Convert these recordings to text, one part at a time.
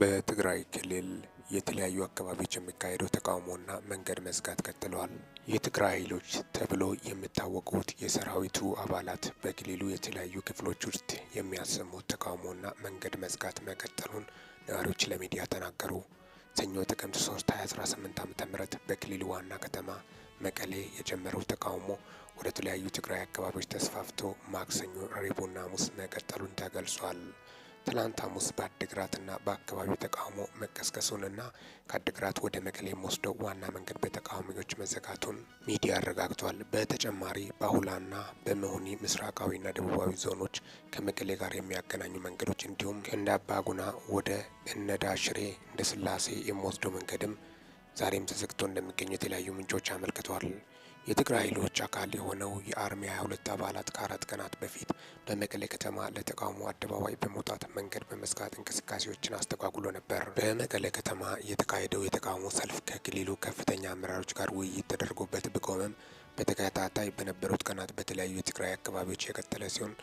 በትግራይ ክልል የተለያዩ አካባቢዎች የሚካሄደው ተቃውሞና መንገድ መዝጋት ቀጥለዋል። የትግራይ ኃይሎች ተብሎ የሚታወቁት የሰራዊቱ አባላት በክልሉ የተለያዩ ክፍሎች ውስጥ የሚያሰሙት ተቃውሞና መንገድ መዝጋት መቀጠሉን ነዋሪዎች ለሚዲያ ተናገሩ። ሰኞ ጥቅምት 3 2018 ም በክልሉ ዋና ከተማ መቀሌ የጀመረው ተቃውሞ ወደ ተለያዩ ትግራይ አካባቢዎች ተስፋፍቶ ማክሰኞ፣ ረቡዕና ሐሙስ መቀጠሉን ተገልጿል። ትላንት ሐሙስ በአድግራትና በአካባቢው ተቃውሞ መቀስቀሱንና ከአድግራት ወደ መቀሌ ወስደው ዋና መንገድ በተቃዋሚዎች መዘጋቱን ሚዲያ አረጋግቷል በተጨማሪ በአሁላና በመሆኒ ምስራቃዊና ደቡባዊ ዞኖች ከመቀሌ ጋር የሚያገናኙ መንገዶች እንዲሁም እንደ አባጉና ወደ እነዳሽሬ እንደ ስላሴ የሚወስደው መንገድም ዛሬም ተዘግቶ እንደሚገኙ የተለያዩ ምንጮች አመልክተዋል። የትግራይ ኃይሎች አካል የሆነው የአርሚ 22 አባላት ከአራት ቀናት በፊት በመቀሌ ከተማ ለተቃውሞ አደባባይ በመውጣት መንገድ በመዝጋት እንቅስቃሴዎችን አስተጓጉሎ ነበር። በመቀሌ ከተማ የተካሄደው የተቃውሞ ሰልፍ ከክልሉ ከፍተኛ አመራሮች ጋር ውይይት ተደርጎበት ቢቆምም በተከታታይ በነበሩት ቀናት በተለያዩ የትግራይ አካባቢዎች የቀጠለ ሲሆን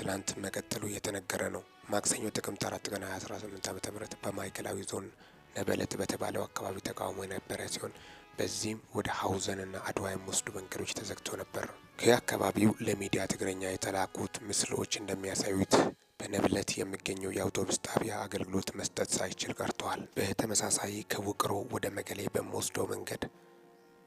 ትላንት መቀጠሉ የተነገረ ነው። ማክሰኞ ጥቅምት 4 ቀን 2018 ዓ.ም በማዕከላዊ ዞን ነበለት በተባለው አካባቢ ተቃውሞ የነበረ ሲሆን በዚህም ወደ ሀውዘንና አድዋ የሚወስዱ መንገዶች ተዘግተው ነበር። ከአካባቢው ለሚዲያ ትግረኛ የተላኩት ምስሎች እንደሚያሳዩት በነብለት የሚገኘው የአውቶቡስ ጣቢያ አገልግሎት መስጠት ሳይችል ቀርተዋል። በተመሳሳይ ከውቅሮ ወደ መቀሌ በሚወስደው መንገድ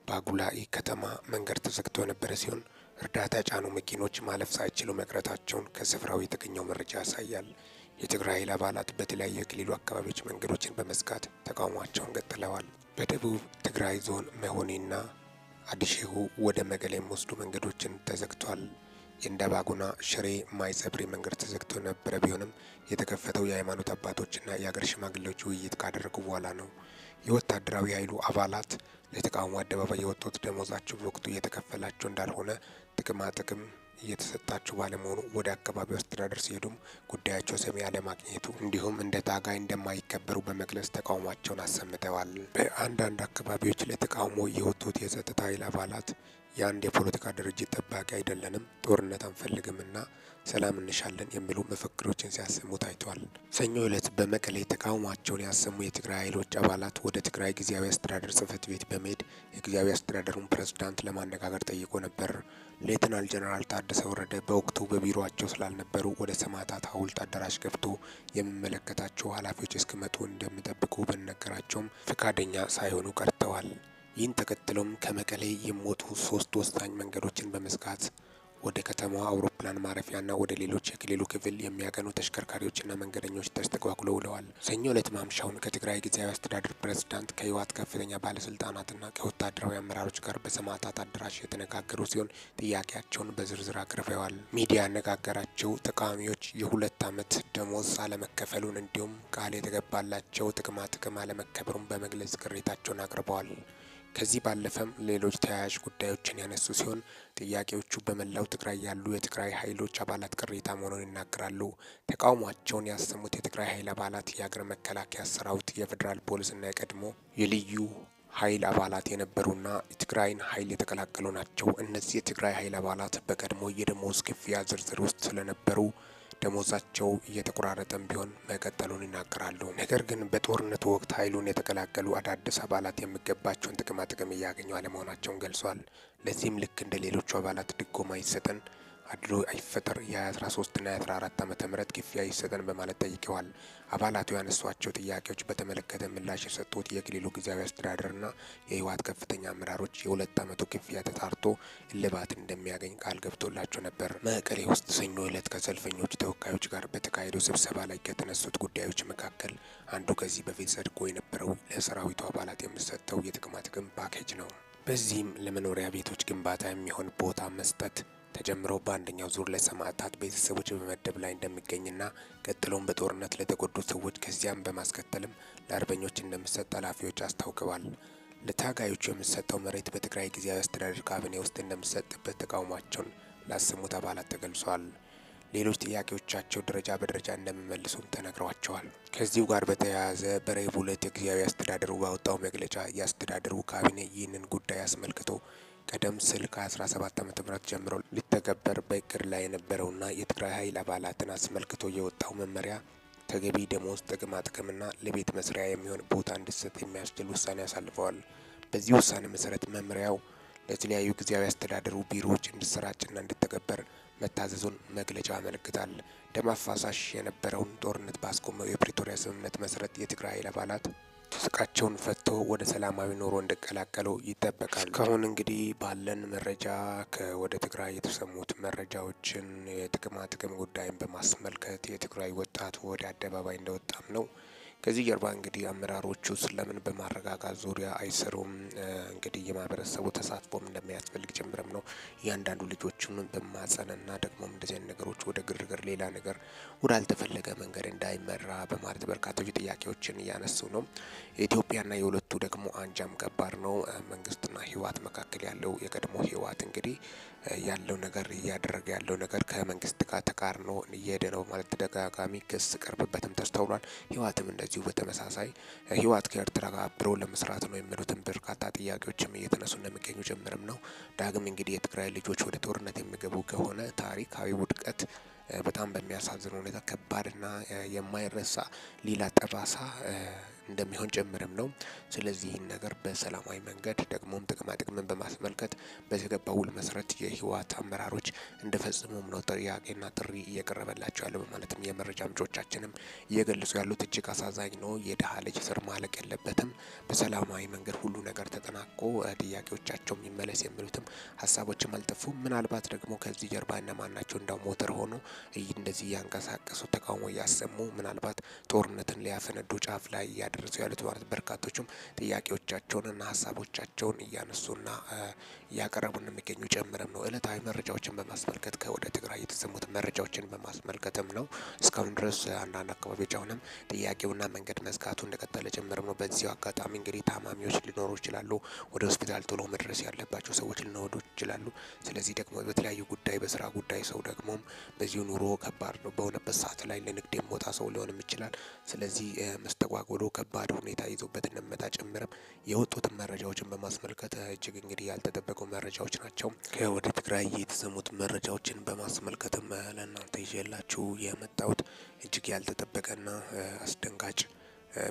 ባጉላኢ ከተማ መንገድ ተዘግቶ የነበረ ሲሆን እርዳታ የጫኑ መኪኖች ማለፍ ሳይችሉ መቅረታቸውን ከስፍራው የተገኘው መረጃ ያሳያል። የትግራይ ኃይል አባላት በተለያዩ የክልሉ አካባቢዎች መንገዶችን በመዝጋት ተቃውሟቸውን ቀጥለዋል። በደቡብ ትግራይ ዞን መሆኔና አዲሼሁ ወደ መቀሌ የሚወስዱ መንገዶችን ተዘግቷል። የእንደባጉና ሽሬ ማይጸብሪ መንገድ ተዘግቶ ነበረ። ቢሆንም የተከፈተው የሃይማኖት አባቶችና የአገር ሽማግሌዎች ውይይት ካደረጉ በኋላ ነው። የወታደራዊ ኃይሉ አባላት ለተቃውሞ አደባባይ የወጡት ደሞዛቸው በወቅቱ እየተከፈላቸው እንዳልሆነ ጥቅማ ጥቅም እየተሰጣቸው ባለመሆኑ ወደ አካባቢው አስተዳደር ሲሄዱም ጉዳያቸው ሰሚ አለማግኘቱ እንዲሁም እንደ ታጋይ እንደማይከበሩ በመግለጽ ተቃውሟቸውን አሰምተዋል። በአንዳንድ አካባቢዎች ለተቃውሞ የወጡት የጸጥታ ኃይል አባላት የአንድ የፖለቲካ ድርጅት ጠባቂ አይደለንም፣ ጦርነት አንፈልግምና ሰላም እንሻለን የሚሉ መፈክሮችን ሲያሰሙ ታይቷል። ሰኞ ዕለት በመቀሌ ተቃውሟቸውን ያሰሙ የትግራይ ኃይሎች አባላት ወደ ትግራይ ጊዜያዊ አስተዳደር ጽህፈት ቤት በመሄድ የጊዜያዊ አስተዳደሩን ፕሬዝዳንት ለማነጋገር ጠይቆ ነበር። ሌተናል ጀነራል ታደ ታደሰ ወረደ በወቅቱ በቢሮቸው ስላልነበሩ ወደ ሰማዕታት ሐውልት አዳራሽ ገብቶ የሚመለከታቸው ኃላፊዎች እስክመጡ እንደሚጠብቁ በነገራቸውም ፍቃደኛ ሳይሆኑ ቀርተዋል። ይህን ተከትሎም ከመቀሌ የሚወጡ ሶስት ወሳኝ መንገዶችን በመዝጋት ወደ ከተማዋ አውሮፕላን ማረፊያና ወደ ሌሎች የክልሉ ክፍል የሚያገኑ ተሽከርካሪዎችና መንገደኞች ተስተጓጉለው ውለዋል። ሰኞ ዕለት ማምሻውን ከትግራይ ጊዜያዊ አስተዳደር ፕሬዝዳንት ከህወሓት ከፍተኛ ባለስልጣናትና ከወታደራዊ አመራሮች ጋር በሰማዕታት አዳራሽ የተነጋገሩ ሲሆን ጥያቄያቸውን በዝርዝር አቅርበዋል። ሚዲያ ያነጋገራቸው ተቃዋሚዎች የሁለት ዓመት ደሞዝ አለመከፈሉን እንዲሁም ቃል የተገባላቸው ጥቅማ ጥቅም አለመከበሩን በመግለጽ ቅሬታቸውን አቅርበዋል። ከዚህ ባለፈም ሌሎች ተያያዥ ጉዳዮችን ያነሱ ሲሆን ጥያቄዎቹ በመላው ትግራይ ያሉ የትግራይ ኃይሎች አባላት ቅሬታ መሆኑን ይናገራሉ። ተቃውሟቸውን ያሰሙት የትግራይ ኃይል አባላት የአገር መከላከያ ሰራዊት፣ የፌዴራል ፖሊስና የቀድሞ የልዩ ኃይል አባላት የነበሩና የትግራይን ኃይል የተቀላቀሉ ናቸው። እነዚህ የትግራይ ኃይል አባላት በቀድሞ የደሞዝ ክፍያ ዝርዝር ውስጥ ስለነበሩ ደሞዛቸው እየተቆራረጠም ቢሆን መቀጠሉን ይናገራሉ። ነገር ግን በጦርነቱ ወቅት ኃይሉን የተቀላቀሉ አዳዲስ አባላት የሚገባቸውን ጥቅማ ጥቅም እያገኙ አለመሆናቸውን ገልጿል። ለዚህም ልክ እንደ ሌሎቹ አባላት ድጎማ ይሰጠን አድሎ አይፈጠር የ13ና የ14 ዓመተ ምህረት ክፍያ ይሰጠን በማለት ጠይቀዋል። አባላቱ ያነሷቸው ጥያቄዎች በተመለከተ ምላሽ የሰጡት የክልሉ ጊዜያዊ አስተዳደርና የህወሓት ከፍተኛ አመራሮች የሁለት ዓመቱ ክፍያ ተጣርቶ እልባት እንደሚያገኝ ቃል ገብቶላቸው ነበር። መቀሌ ውስጥ ሰኞ ዕለት ከሰልፈኞች ተወካዮች ጋር በተካሄደው ስብሰባ ላይ ከተነሱት ጉዳዮች መካከል አንዱ ከዚህ በፊት ጸድቆ የነበረው ለሰራዊቱ አባላት የሚሰጠው የጥቅማ ጥቅም ፓኬጅ ነው። በዚህም ለመኖሪያ ቤቶች ግንባታ የሚሆን ቦታ መስጠት ተጀምሮ በአንደኛው ዙር ለሰማዕታት ቤተሰቦች በመደብ ላይ እንደሚገኝና ቀጥሎም በጦርነት ለተጎዱ ሰዎች ከዚያም በማስከተልም ለአርበኞች እንደሚሰጥ ኃላፊዎች አስታውቀዋል። ለታጋዮቹ የሚሰጠው መሬት በትግራይ ጊዜያዊ አስተዳደር ካቢኔ ውስጥ እንደሚሰጥበት ተቃውሟቸውን ላሰሙት አባላት ተገልጿል። ሌሎች ጥያቄዎቻቸው ደረጃ በደረጃ እንደሚመልሱም ተነግሯቸዋል። ከዚሁ ጋር በተያያዘ በረቡዕ ዕለት ጊዜያዊ አስተዳደሩ ባወጣው መግለጫ የአስተዳደሩ ካቢኔ ይህንን ጉዳይ አስመልክቶ ቀደም ሲል ከ17 ዓመተ ምህረት ጀምሮ ሊተገበር በእቅድ ላይ የነበረውና የትግራይ ኃይል አባላትን አስመልክቶ የወጣው መመሪያ ተገቢ ደሞዝ፣ ጥቅማ ጥቅምና ለቤት መስሪያ የሚሆን ቦታ እንዲሰጥ የሚያስችል ውሳኔ አሳልፈዋል። በዚህ ውሳኔ መሰረት መመሪያው ለተለያዩ ጊዜያዊ አስተዳደሩ ቢሮዎች እንዲሰራጭና እንዲተገበር መታዘዙን መግለጫው ያመለክታል። ደም አፋሳሽ የነበረውን ጦርነት ባስቆመው የፕሪቶሪያ ስምምነት መሰረት የትግራይ ኃይል አባላት ስቃቸውን ፈቶ ወደ ሰላማዊ ኑሮ እንዲቀላቀሉ ይጠበቃል። እስካሁን እንግዲህ ባለን መረጃ ወደ ትግራይ የተሰሙት መረጃዎችን የጥቅማ ጥቅም ጉዳይን በማስመልከት የትግራይ ወጣት ወደ አደባባይ እንደወጣም ነው ከዚህ ጀርባ እንግዲህ አመራሮቹ ስለምን በማረጋጋት ዙሪያ አይሰሩም? እንግዲህ የማህበረሰቡ ተሳትፎም እንደሚያስፈልግ ጭምርም ነው። እያንዳንዱ ልጆችን በማጸንና ደግሞ እንደዚህ ነገሮች ወደ ግርግር፣ ሌላ ነገር ወዳልተፈለገ መንገድ እንዳይመራ በማለት በርካቶች ጥያቄዎችን እያነሱ ነው። የኢትዮጵያና የሁለቱ ደግሞ አንጃም ከባድ ነው። መንግስትና ህወሓት መካከል ያለው የቀድሞ ህወሓት እንግዲህ ያለው ነገር እያደረገ ያለው ነገር ከመንግስት ጋር ተቃርኖ እየሄደ ነው ማለት ተደጋጋሚ ክስ ቀርብበትም ተስተውሏል። ህወሓትም እንደዚሁ በተመሳሳይ ህወሓት ከኤርትራ ጋር አብሮ ለመስራት ነው የሚሉትን በርካታ ጥያቄዎችም እየተነሱ እንደሚገኙ ጀምርም ነው። ዳግም እንግዲህ የትግራይ ልጆች ወደ ጦርነት የሚገቡ ከሆነ ታሪካዊ ውድቀት በጣም በሚያሳዝን ሁኔታ ከባድና የማይረሳ ሌላ ጠባሳ እንደሚሆን ጭምርም ነው። ስለዚህ ይህን ነገር በሰላማዊ መንገድ ደግሞም ጥቅማ ጥቅምን በማስመልከት በተገባ ውል መሰረት የህወሓት አመራሮች እንደፈጽሙም ነው ጥያቄና ጥሪ እየቀረበላቸው ያለው በማለትም የመረጃ ምንጮቻችንም እየገለጹ ያሉት እጅግ አሳዛኝ ነው። የድሀ ልጅ ስር ማለቅ የለበትም። በሰላማዊ መንገድ ሁሉ ነገር ተጠናቆ ጥያቄዎቻቸው የሚመለስ የሚሉትም ሀሳቦችም አልጠፉም። ምናልባት ደግሞ ከዚህ ጀርባ እነማን ናቸው ሞተር ሆኖ እንደዚህ እያንቀሳቀሱ ተቃውሞ እያሰሙ ምናልባት ጦርነትን ሊያፈነዱ ጫፍ ላይ ደረሱ ያሉት ማለት በርካቶቹም ጥያቄዎቻቸውንና ሀሳቦቻቸውን እያነሱና እያቀረቡ እንደሚገኙ ጨምረም ነው። እለታዊ መረጃዎችን በማስመልከት ከወደ ትግራይ የተሰሙት መረጃዎችን በማስመልከትም ነው። እስካሁን ድረስ አንዳንድ አካባቢዎች አሁንም ጥያቄውና መንገድ መዝጋቱ እንደቀጠለ ጨምረም ነው። በዚሁ አጋጣሚ እንግዲህ ታማሚዎች ሊኖሩ ይችላሉ። ወደ ሆስፒታል ቶሎ መድረስ ያለባቸው ሰዎች ሊኖሩ ይችላሉ። ስለዚህ ደግሞ በተለያዩ ጉዳይ፣ በስራ ጉዳይ ሰው ደግሞም በዚሁ ኑሮ ከባድ ነው በሆነበት ሰዓት ላይ ለንግድ የሚወጣ ሰው ሊሆንም ይችላል። ስለዚህ መስተጓጎሎ ከ ከባድ ሁኔታ ይዞበት እንደመጣ ጭምርም የወጡትን መረጃዎችን በማስመልከት እጅግ እንግዲህ ያልተጠበቁ መረጃዎች ናቸው። ከወደ ትግራይ የተሰሙት መረጃዎችን በማስመልከትም ለእናንተ ይዤላችሁ የመጣሁት እጅግ ያልተጠበቀና አስደንጋጭ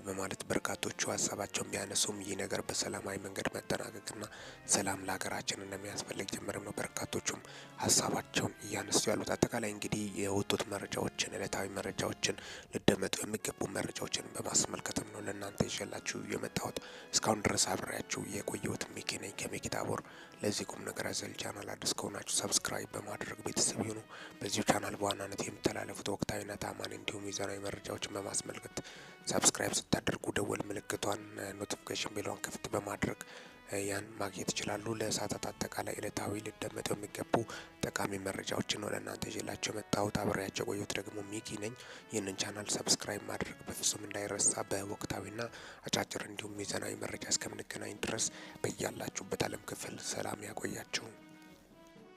በማለት በርካቶቹ ሀሳባቸውን ቢያነሱም ይህ ነገር በሰላማዊ መንገድ መጠናቀቅና ሰላም ለሀገራችን እንደሚያስፈልግ ጀምርም ነው በርካቶቹም ሀሳባቸውን እያነሱ ያሉት። አጠቃላይ እንግዲህ የወጡት መረጃዎችን እለታዊ መረጃዎችን ልደመጡ የሚገቡ መረጃዎችን በማስመልከትም ነው ለእናንተ ይዤላችሁ የመጣሁት። እስካሁን ድረስ አብሬያችሁ የቆየሁት ሚኪ ነኝ ከሚኪታቦር። ለዚህ ቁም ነገር አዘል ቻናል አዲስ ከሆናችሁ ሰብስክራይብ በማድረግ ቤተሰብ ይሁኑ። በዚሁ ቻናል በዋናነት የሚተላለፉት ወቅታዊና ታማኝ እንዲሁም ሚዛናዊ መረጃዎችን በማስመልከት ሰብስክራይብ ሰብስክራይብ ስታደርጉ ደወል ምልክቷን ኖቲፊኬሽን ቤሏን ክፍት በማድረግ ያን ማግኘት ይችላሉ። ለእሳታት አጠቃላይ ዕለታዊ ሊደመጠው የሚገቡ ጠቃሚ መረጃዎችን ወደ እናንተ ይዤላቸው መጣሁት። አብሬያቸው ቆየሁት ደግሞ ሚኪ ነኝ። ይህንን ቻናል ሰብስክራይብ ማድረግ በፍጹም እንዳይረሳ። በወቅታዊና አጫጭር እንዲሁም ሚዛናዊ መረጃ እስከምንገናኝ ድረስ በያላችሁበት ዓለም ክፍል ሰላም ያቆያችሁ።